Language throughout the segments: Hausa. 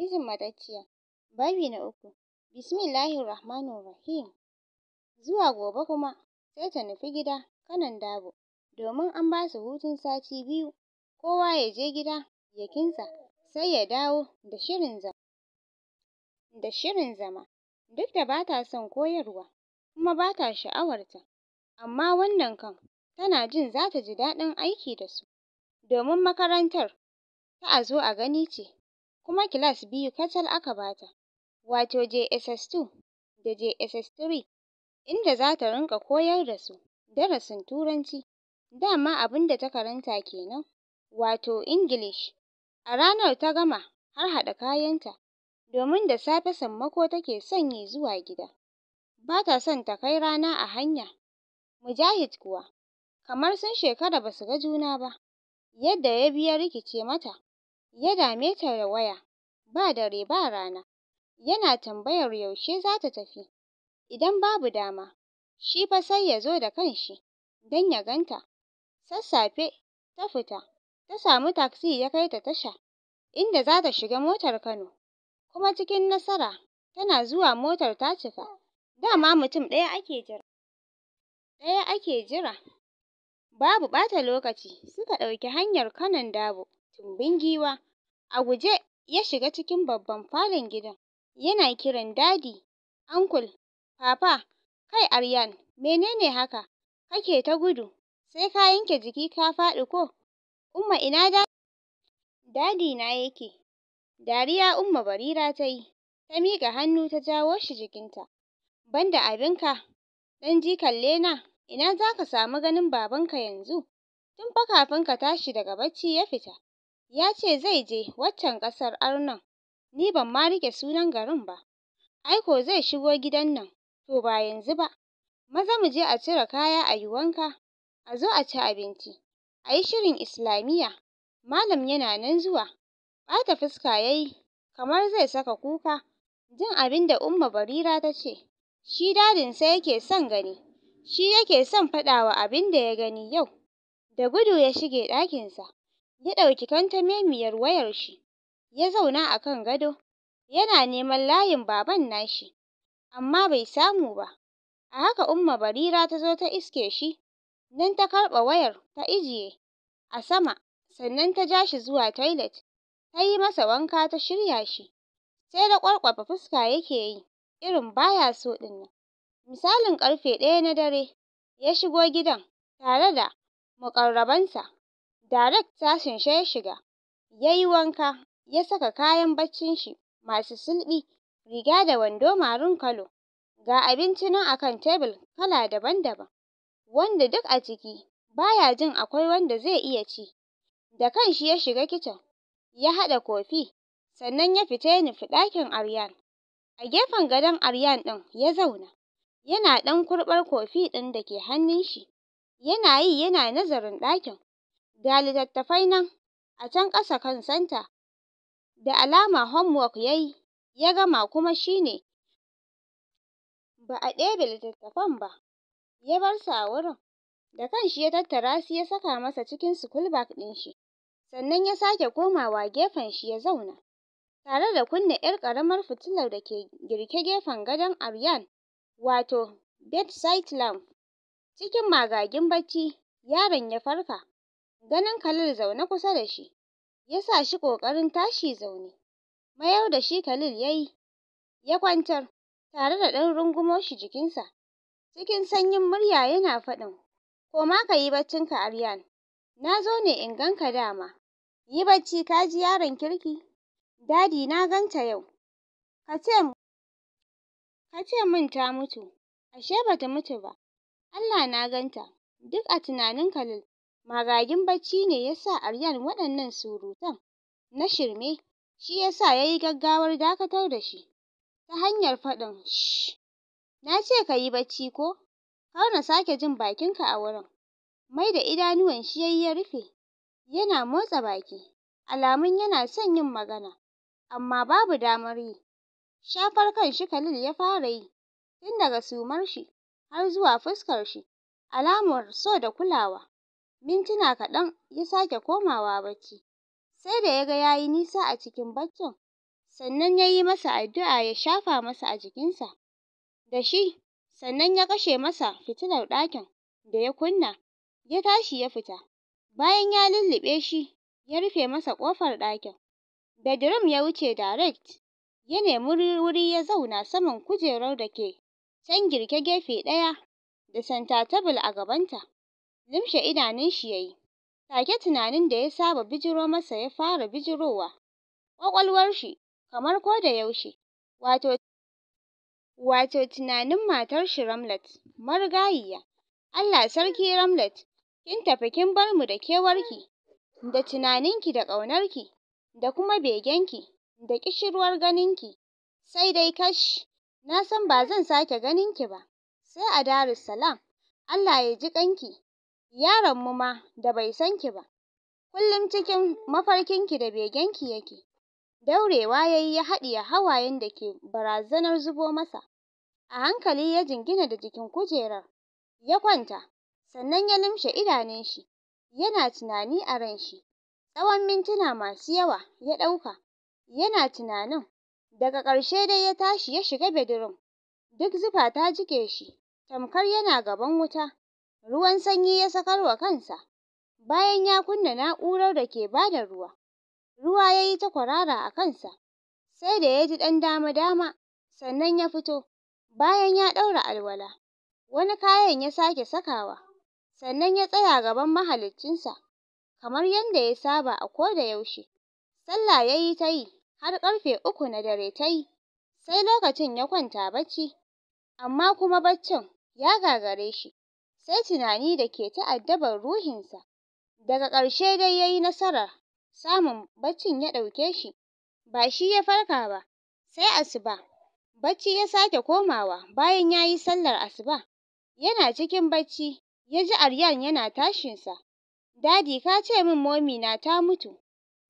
mijin matacciya babi na uku bismillahi rahmani rahim zuwa gobe kuma sai ta nufi gida kanan dabo domin an ba su hutun sati biyu kowa ya je gida ya kinsa sai ya dawo da shirin zama da shirin zama duk da ba ta son koyarwa kuma ba ta sha'awarta amma wannan kan tana jin za ta ji daɗin aiki da su domin makarantar ta a zo a gani ce kuma kilas biyu kacal aka bata, wato JSS2 da JSS3, inda za ta rinƙa koyar da su darasin Turanci, dama abin da ta karanta kenan, wato Ingilish. A ranar ta gama har haɗa kayanta, domin da safe sammako take son yi zuwa gida. Ba ta son ta kai rana a hanya. Mujahid kuwa, kamar sun shekara basu ga juna ba, yadda ya biya rikice mata, ya dame ta da waya ba dare ba rana yana tambayar yaushe za ta tafi idan babu dama shi fa sai ya zo da kanshi don ya ganta sassafe ta fita ta samu taksi ya kai ta tasha inda za ta shiga motar Kano kuma cikin nasara tana zuwa motar ta cika dama mutum ɗaya ake jira ɗaya ake jira babu ɓata lokaci suka ɗauki hanyar Kanon Dabo tumbin giwa A guje ya shiga cikin babban falon gidan, yana kiran Daddy, Uncle, Papa. Kai Aryan, menene haka? Kake ta gudu, sai ka yanke jiki ka faɗi ko? Umma ina da Daddy na yake? Dariya Umma Barira ta yi, ta miƙa hannu ta jawo shi jikinta. Banda abinka, ɗan kalle na, ina za ka samu ganin babanka yanzu? Tun fa kafin ka tashi daga bacci ya fita. ya ce zai je waccan ƙasar arnon ni ban ma riƙe sunan garin ba ai ko zai shigo gidan nan to ba yanzu ba maza mu je a cire kaya a yi wanka a zo a ci abinci a yi shirin islamiyya malam yana nan zuwa ɓata fuska ya yi kamar zai saka kuka jin abin da umma barira ta ce shi dadinsa yake son gani shi yake son faɗawa abin da ya gani yau da gudu ya shige ɗakinsa ya ɗauki kantamemiyar wayar shi ya zauna a kan gado yana neman layin baban nashi amma bai samu ba a haka umma barira ta zo ta iske shi nan ta karɓa wayar ta ijiye a sama sannan ta ja shi zuwa toilet ta yi masa wanka ta shirya shi sai da ƙwarƙwafa fuska yake yi irin baya so ɗin nan misalin ƙarfe ɗaya na dare ya shigo gidan tare da muƙarrabansa Daret sha ya shiga, ya yi wanka, ya saka kayan baccin shi masu sulɓi, riga da wando marun kalo, ga abinci nan a kan tebur kala daban-daban, wanda duk a ciki ba ya jin akwai wanda zai iya ci. Da kanshi ya shiga kicin, ya haɗa kofi, sannan ya fita ya nufi ɗakin Aryan. A gefen gadon Aryan ɗin ya zauna, yana ɗan kurɓar kofi ɗin da ke hannun shi, yana yi yana nazarin ɗakin. Ga littattafai nan a can ƙasa kan santa. Da alama homework ya yi, ya gama kuma shi ne ba a ɗebe littattafan ba, ya bar su a wurin. Da kan shi ya tattara su ya saka masa cikin bag ɗin shi, sannan ya sake komawa gefen shi ya zauna, tare da kunna 'yar ƙaramar fitilar da ke girke gefen gadon Aryan, wato bedside lamp. Cikin magagin bacci, yaron ya farka. Ganin Khalil zaune kusa da shi ya sa shi ƙoƙarin tashi zaune. Mayar da shi Khalil ya yi, ya kwantar, tare da ɗan rungumo shi jikinsa. Cikin sanyin murya yana faɗin, koma ka yi ka Aryan, na zo ne in gan ka dama. Yi bacci ka ji yaron kirki, dadi na ganta yau. Ka ce min ta mutu, ashe ba ta mutu ba, Allah na ganta, duk a tunanin Khalil. magagin bacci ne ya sa Aryan waɗannan surutan na shirme shi ya sa ya yi gaggawar dakatar da shi ta hanyar faɗin shi. na ce ka yi bacci ko kar na sake jin bakinka a wurin mai da idanuwan shi yayi ya rufe yana motsa baki alamun yana son yin magana amma babu damar yi shafar kan shi Khalil ya fara yi tun daga sumar shi har zuwa fuskar shi alamar so da kulawa mintuna kaɗan ya sake komawa bacci sai da ya ga ya yi nisa a cikin baccin sannan ya yi masa addu'a ya shafa masa a jikinsa da shi sannan ya kashe masa fitilar ɗakin da ya kunna ya tashi ya fita bayan ya lulluɓe shi ya rufe masa ƙofar ɗakin bedroom ya wuce direct ya nemi wuri ya zauna saman kujerar da ke can girke gefe ɗaya da center table a gabanta Lumshe idanun shi ya yi, take tunanin da ya saba bijiro masa ya fara bijirowa ƙwaƙwalwar shi kamar ko da yaushe, wato wato tunanin matar shi Ramlat, marigayiya. Allah sarki Ramlat, kin tafi kin bar mu da kewarki, da tunaninki da ƙaunarki, da kuma begenki, da ƙishirwar ganinki, sai dai kash, na san ba zan sake ganinki ba, sai a Darussalam, Allah ya ji ƙanki. Yaron mu ma da bai san ki ba kullum cikin mafarkinki da begenki yake daurewa yayi ya haɗiye hawayen da ke barazanar zubo masa a hankali ya jingina da jikin kujerar ya kwanta sannan ya limshe idanun shi yana tunani a ran shi tsawon mintuna masu yawa ya ɗauka yana tunanin daga ƙarshe dai ya tashi ya shiga bedroom duk zufa ta jiƙe shi tamkar yana gaban wuta ruwan sanyi ya sakar wa kansa bayan ya kunna na'urar da ke bada ruwa. Ruwa ya yi ta kwarara a kansa sai da ya ji ɗan dama-dama sannan ya fito bayan ya ɗaura alwala. Wani kayan ya sake sakawa sannan ya tsaya gaban mahaliccinsa kamar yadda ya saba a ko da yaushe. Sallah ya yi ta yi har karfe uku na dare ta yi sai lokacin ya kwanta bacci amma kuma baccin ya gagare shi. sai tunani da ke ta'addabar ruhinsa. Daga ƙarshe dai ya yi nasara. samun baccin ya ɗauke shi, ba shi ya farka ba, sai asuba. Bacci ya sake komawa bayan ya yi sallar asuba. Yana cikin bacci, ya ji Aryan yana tashinsa. Dadi ka ce min momi na ta mutu,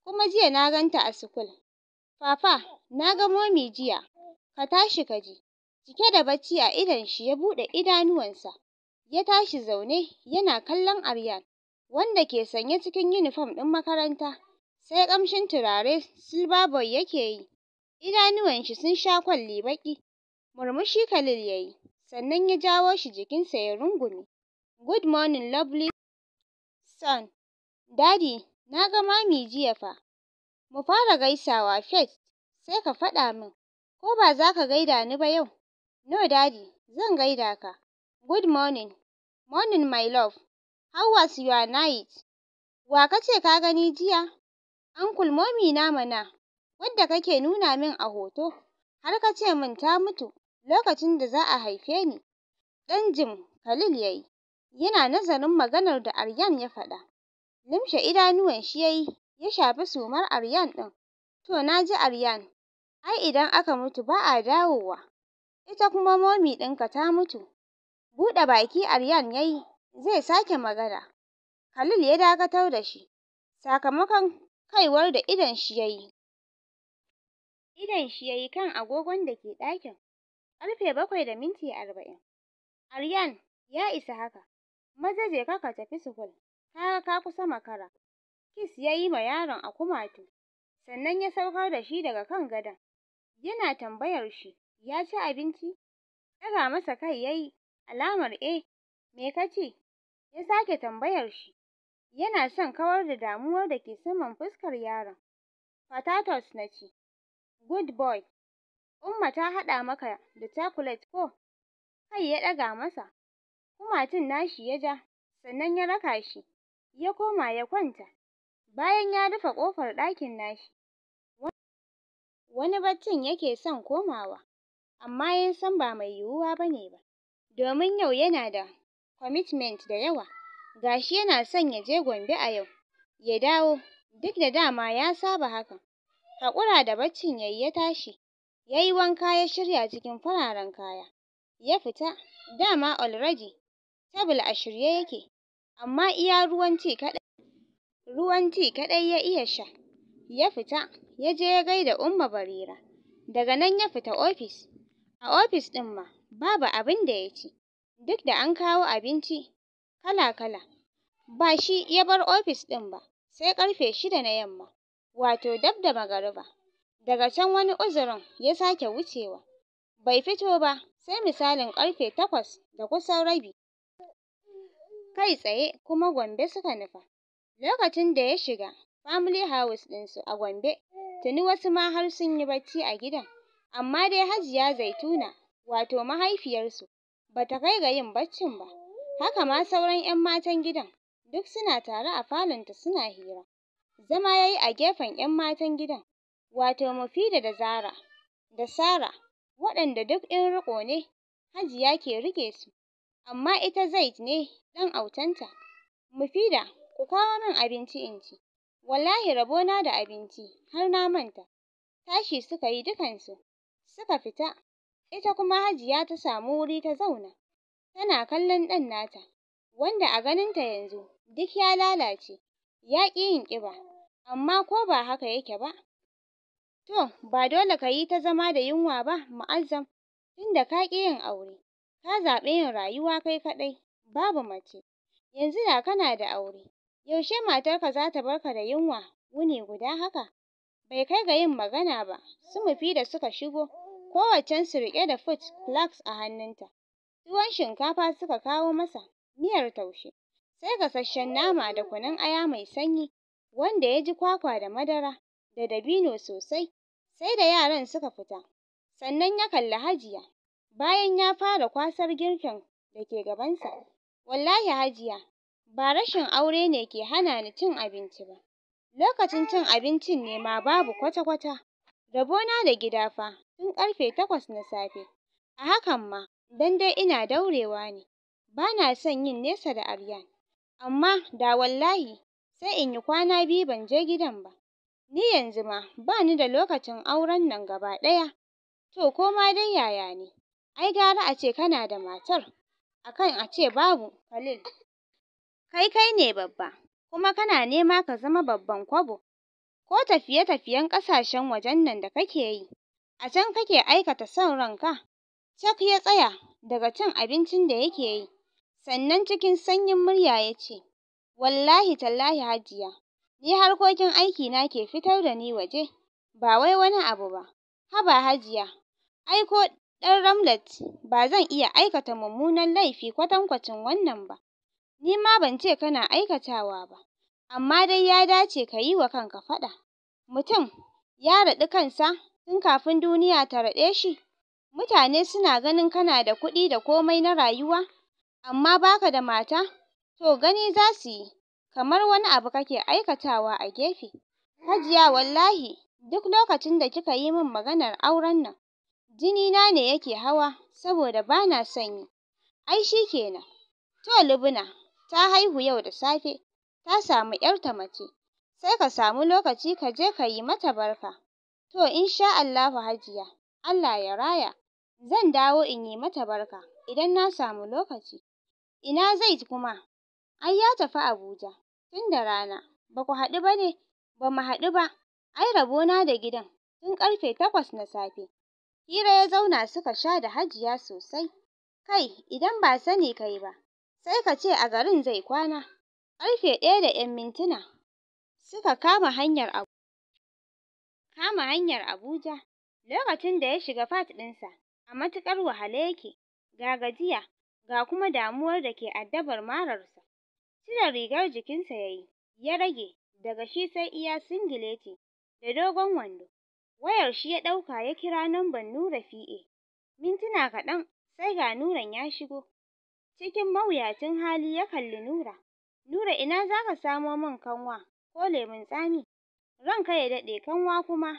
kuma jiya na ganta a sukul. Fafa, na ga momi jiya, ka tashi ka ji. Cike da bacci a idon shi ya buɗe idanuwansa. ya tashi zaune yana kallon Aryan wanda ke sanye cikin yunifom ɗin makaranta sai ƙamshin turare Silver Boy yake yi. Idanuwan shi sun sha kwalli baƙi. Murmushi Khalil yayi sannan ya jawo shi jikinsa ya rungume. Good morning lovely son. Daddy na ga mami jiya fa. Mu fara gaisawa first sai ka faɗa min ko ba za ka gaida ni ba yau? No daddy zan gaida ka. Good morning Morning my love. How was your night? Wa kace ka gani jiya? Uncle mommy na mana. Wadda kake nuna min a hoto. Har kace min ta mutu lokacin da za a haife ni. Dan jim Khalil yayi. Yana nazarin maganar da Aryan ya faɗa. Limshe idanuwan shi yayi ya shafi sumar Aryan ɗin. To na ji Aryan. Ai idan aka mutu ba a dawowa. Ita kuma momi ɗinka ta mutu Buɗe baki Aryan ya yi zai sake magana, Khalil ya dakatar da shi sakamakon kaiwar da idon shi ya yi. Idon shi ya yi kan agogon da ke ɗakin, ƙarfe bakwai da minti arba'in. Aryan ya isa haka, maza je ka ka tafi sukul, ka ga ka kusa makara. Kis ya yi ma yaron a kumatu, sannan ya saukar da shi daga kan gadon. Yana tambayar shi, ya ci abinci? Ɗaga masa kai ya yi, alamar eh me ka ce ya sake tambayar shi yana son kawar da damuwar da ke saman fuskar yaron potatoes na ce good boy umma ta haɗa maka da chocolate ko kai ya ɗaga masa kumatun nashi ya ja sannan ya raka shi ya koma ya kwanta bayan ya rufe ƙofar ɗakin nashi wani baccin yake son komawa amma ya san ba mai yiwuwa ba ne ba domin yau yana da commitment da yawa. gashi yana son ya je Gombe a yau, ya dawo, duk da dama ya saba haka Haƙura da baccin yayi ya tashi, yayi wanka ya shirya cikin fararen kaya. Ya fita, dama already table a shirye yake, amma iya ruwan ci kaɗai ruwan ci kaɗai ya iya sha. Ya fita, ya je ya gaida Umma Barira. Daga nan ya fita ofis. A ofis ɗin ma babu abin da ya ci, duk da an kawo abinci kala-kala. Ba shi ya bar ofis ɗin ba sai ƙarfe shida na yamma, wato dab da magariba. Daga can wani uzurin ya sake wucewa. Bai fito ba sai misalin ƙarfe takwas da kusan rabi. Kai tsaye kuma Gombe suka nufa. Lokacin da ya shiga family house ɗinsu a Gombe, tuni wasu ma har sun yi bacci a gidan. Amma dai Hajiya Zaituna wato mahaifiyarsu Ba ta kai ga yin baccin ba haka ma sauran 'yan matan gidan duk suna tare a falonta suna hira zama yayi a gefen 'yan matan gidan wato Mufida da Zara da Sara waɗanda duk in riƙo ne Hajiya ke riƙe su amma ita Zaid ne ɗan autanta Mufida ku kawo min abinci in ci wallahi rabona da abinci har na manta tashi suka yi dukansu suka fita ita kuma Hajiya ta samu wuri ta zauna tana kallon ɗan nata wanda a ganinta yanzu duk ya lalace ya ƙi yin ƙiba amma ko ba haka yake ba to ba dole ka yi ta zama da yunwa ba mu'azzam tunda ka ƙi yin aure ka zaɓi yin rayuwa kai kaɗai babu mace yanzu da kana da aure yaushe matarka za ta bar ka da yunwa wuni guda haka bai kai ga yin magana ba su Mufi da suka shigo su riƙe da food flask a hannunta. Tuwon shinkafa suka kawo masa, miyar taushe, sai gasasshen nama da kunun aya mai sanyi wanda ya ji kwakwa da madara da dabino sosai. Sai da yaran suka fita, sannan ya kalli Hajiya bayan ya fara kwasar girkin da ke gabansa. Wallahi Hajiya, ba rashin aure ne ke hana ni cin abinci ba. Lokacin cin abincin ne ma babu kwata-kwata. Rabona da gida fa tun karfe takwas na safe, a hakan ma don dai ina daurewa ne, ba na son yin nesa da Aryan, amma da wallahi sai in yi kwana biyu ban je gidan ba. Ni yanzu ma ba ni da lokacin auren nan gaba ɗaya, to ko ma dai yaya ne, ai gara a ce kana da matar a kan a ce babu Khalil, kai kai ne babba, kuma kana nema ka zama babban kwabo. ko tafiye-tafiyen ƙasashen wajen nan da kake yi, a can kake aikata son ranka. Cak ya tsaya daga cin abincin da yake yi, sannan cikin sanyin murya ya ce, Wallahi tallahi Hajiya, ni harkokin aiki na ke fitar da ni waje, ba wai wani abu ba. Haba Hajiya, ai ko ɗan Ramlat ba zan iya aikata mummunan laifi kwatankwacin wannan ba. Ni ma ban ce kana aikatawa ba. amma dai ya dace ka yi wa kanka faɗa. Mutum ya raɗi kansa tun kafin duniya ta raɗe shi. Mutane suna ganin kana da kuɗi da komai na rayuwa, amma ba ka da mata, to gani za su yi kamar wani abu kake aikatawa a gefe. Hajiya wallahi duk lokacin da kika yi min maganar auren nan, jini na ne yake hawa saboda ba na son yi. Ai shi kenan. To Lubna ta haihu yau da safe, ta samu ƴarta mace sai ka samu lokaci ka je ka yi mata barka to in sha Allahu hajiya Allah ya raya zan dawo in yi mata barka idan na samu lokaci ina zai kuma ai ya tafi Abuja tun da rana ba ku haɗu ba ne ba mu haɗu ba ai rabona da gidan tun ƙarfe takwas na safe hira ya zauna suka sha da hajiya sosai kai idan ba sani kai ba sai ka ce a garin zai kwana karfe ɗaya da ‘yan mintuna suka kama hanyar kama hanyar Abuja. Lokacin da ya shiga fat ɗinsa, a matukar wahale yake, ga gajiya ga kuma damuwar da ke addabar mararsa. Cire rigar jikinsa ya yi, ya rage daga shi sai iya singileti da dogon wando. Wayar shi ya ɗauka ya kira lambar Nura Fie, Mintuna kaɗan sai ga Nuran ya shigo. Cikin mawuyacin hali ya kalli Nura Nura ina za ka samo min kanwa ko lemun tsami? Ranka ya daɗe kanwa kuma,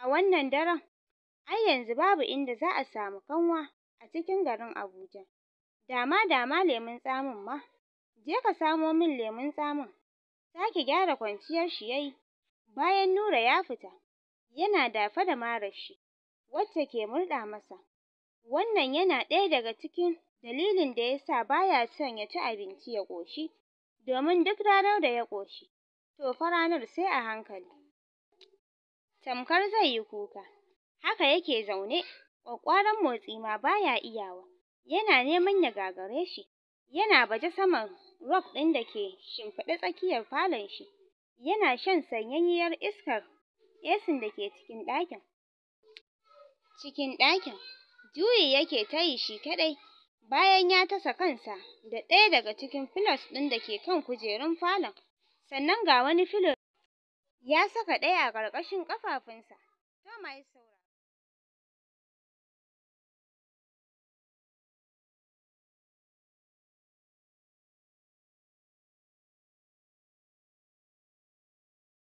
a wannan daren? Ai yanzu babu inda za a samu kanwa a cikin garin Abuja. Dama-dama lemun tsamin ma. Je ka samo min lemun tsamin. Sake gyara kwanciyar shi ya yi, bayan Nura ya fita, yana dafe da marar shi, wacce ke murɗa masa. Wannan yana ɗaya daga cikin dalilin da ya sa ba ya son ya ci abinci ya ƙoshi. domin duk ranar da ya ƙoshi to fa ranar sai a hankali tamkar zai yi kuka haka yake zaune ƙwaƙƙwaran motsi ma baya iyawa yana neman ya gagare shi yana baje saman rock ɗin da ke shimfiɗe tsakiyar falon shi yana shan sanyayyiyar iskar esin da ke cikin ɗakin cikin ɗakin juyi yake ta yi shi kaɗai bayan ya tasa kansa da ɗaya daga cikin filos ɗin da ke kan kujerun falon sannan ga wani filo ya saka ɗaya a ƙarƙashin ƙafafunsa. saura?